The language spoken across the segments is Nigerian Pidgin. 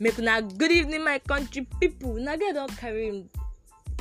make una good evening my country people. una get don carry im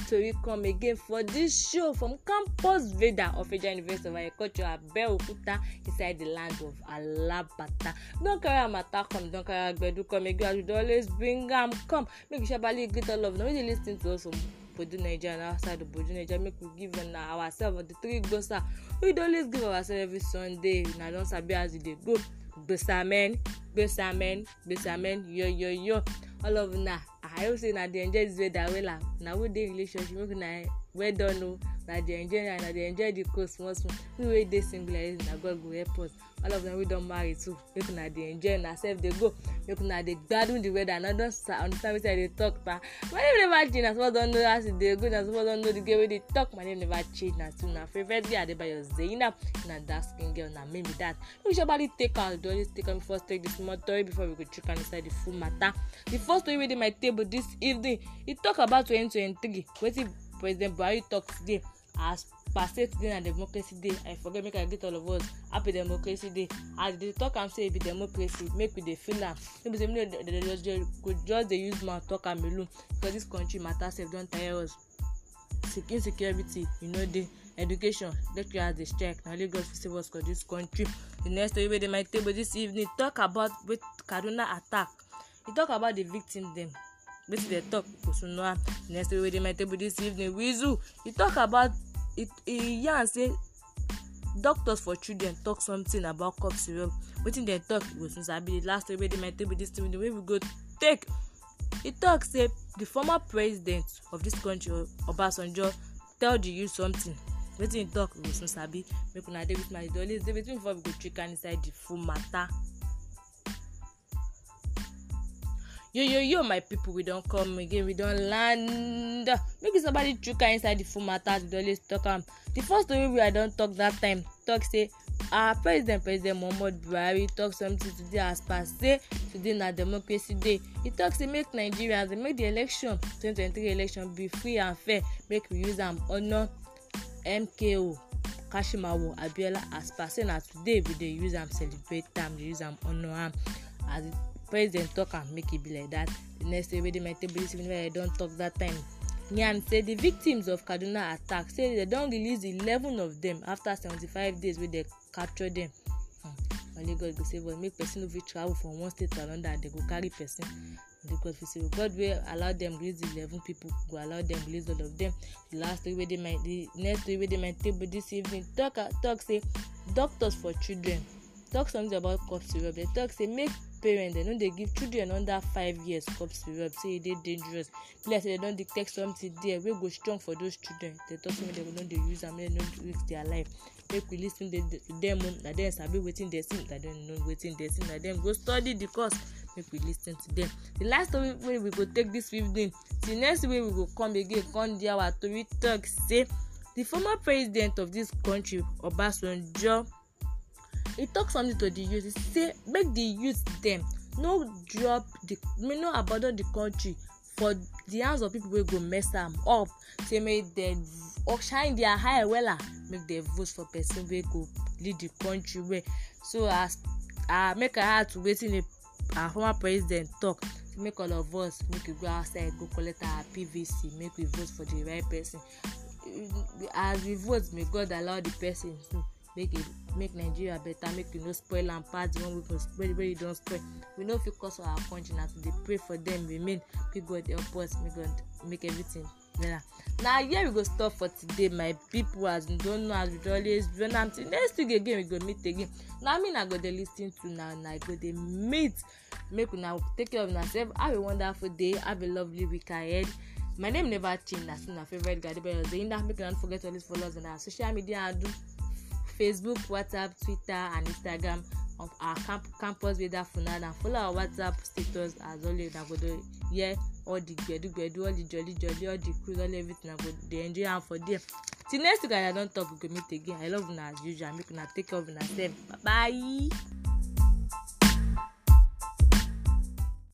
tori come again for dis show from campus veda of federal university of agriculture abeokuta inside di land of alabata don carry am matter come don carry agbedu come again as we dey always bring am come make you shabali greet all of una wey dey lis ten to us from bodu naija and outside of bodu naija make we give una ourselves the three gbosa wey dey always give ourselves every sunday una don sabi as e dey go gbesamen gbesamen gbesamen yoyoyo all of una i hope say una dey enjoy this weather wella una who dey relationship make una eh, well done o. Oh na di enjoy na di enjoy di coast small small we wey dey single like this na god go help us all of them wey don marry too make una dey enjoy una sef dey go make una dey gbadun the weather na don understand wetin i dey talk pa my name never change na suppose don know as e dey go na suppose don know the girl wey dey talk my name never change na still na favourite girl adebayo zeyina na dark skin girl na me be that no be shabali take out. dey always take am first take the small tori before we go chook am inside the full matter the first tori wey dey my table this evening e talk about 2023 wetin president buhari talk today as per state day na democracy day i forget make i greet all of us happy democracy day as they talk am say e be democracy make we dey feel am no be say make the just go just dey use mouth talk am alone because this country matter sef don tire us insecurity you no dey education lecturers dey strike na only god fit save us for this country the next story wey dey my table this evening talk about kaduna attack e talk about the victim dem wetin dem talk kò sunu am the next story wey dey my table this evening wizu e talk about e e yarn say doctors for children talk something about cough syrup wetin dem talk you go soon sabi the last story wey dey my table this evening wey we go take e talk say the former president of this country obasanjo tell the youth something wetin e talk you go soon sabi make una dey with my dey always dey with me before we go trick am inside the full matter. yo yo yo my people we don come again we don land make somebody somebody her inside the full matter we don always talk am the first story wey i don talk that time talk say our ah, president president muhammadu buhari talk something today as per say today na democracy day e talk say make nigerians make the election 2023 election be free and fair make we use am honour mko kashimawo abiola as per say na today we dey use am celebrate am dey use am honour am as the president talk am make e be like that the next day wey dey my table this evening wey i don talk that time yarn say the victims of kaduna attack say dem don release eleven of dem after seventy-five days wey dem capture dem only hmm. god go save us make person no fit travel from one state to another and dem go carry person only god fit save us god wey allow dem release eleven people go allow dem release all of them the last story wey dey my the next story wey dey my table this evening talk talk say doctors for children talk something about cough syrup dem talk say make parents dem no dey give children under five years cough syrup say e dey dangerous be like say dem don detect something there wey go strong for those children dem talk say make dem no dey use am make dem no risk their life make we lis ten to dem o na dem sabi wetin dem see na dem know wetin dem see na dem go study the course make we lis ten to dem the last story wey we go take this evening The next way we go come again come there our tori talk say the former president of this country obasanjo e talk something to the youth e say make the youth dem no drop the no abandon the country for the hands of people wey go mess am up say make dem shine their eye wella make dem vote for person wey go lead the country well so as uh, make i add to wetin our former president talk make all of us make we go outside go collect our pvc make we vote for the right person as we vote may god allow the person to. So, make a make nigeria better make we no spoil am pass the one wey you spoil wey don spoil we no fit cause for our country na to dey pray for them remain may god help us may god make everything better na here we go stop for today my people as you don know as we dey always do am till next week again we go meet again na me na go dey lis ten to na na go dey meet make una take care of unasef have a wonderful day have a lovely week ahead my name never change na still na favourite guy adebayo oyinda make una no forget to always follow us on our social media handle Facebook, WhatsApp, Twitter, and Instagram of our camp campus radar funad and follow our WhatsApp status as always na go dey hear all the gbedugbedu all the jolly jolly all the cruise all everything na go dey enjoy am for there till next week i don talk we go meet again i love una as usual make una take care of una sef bye.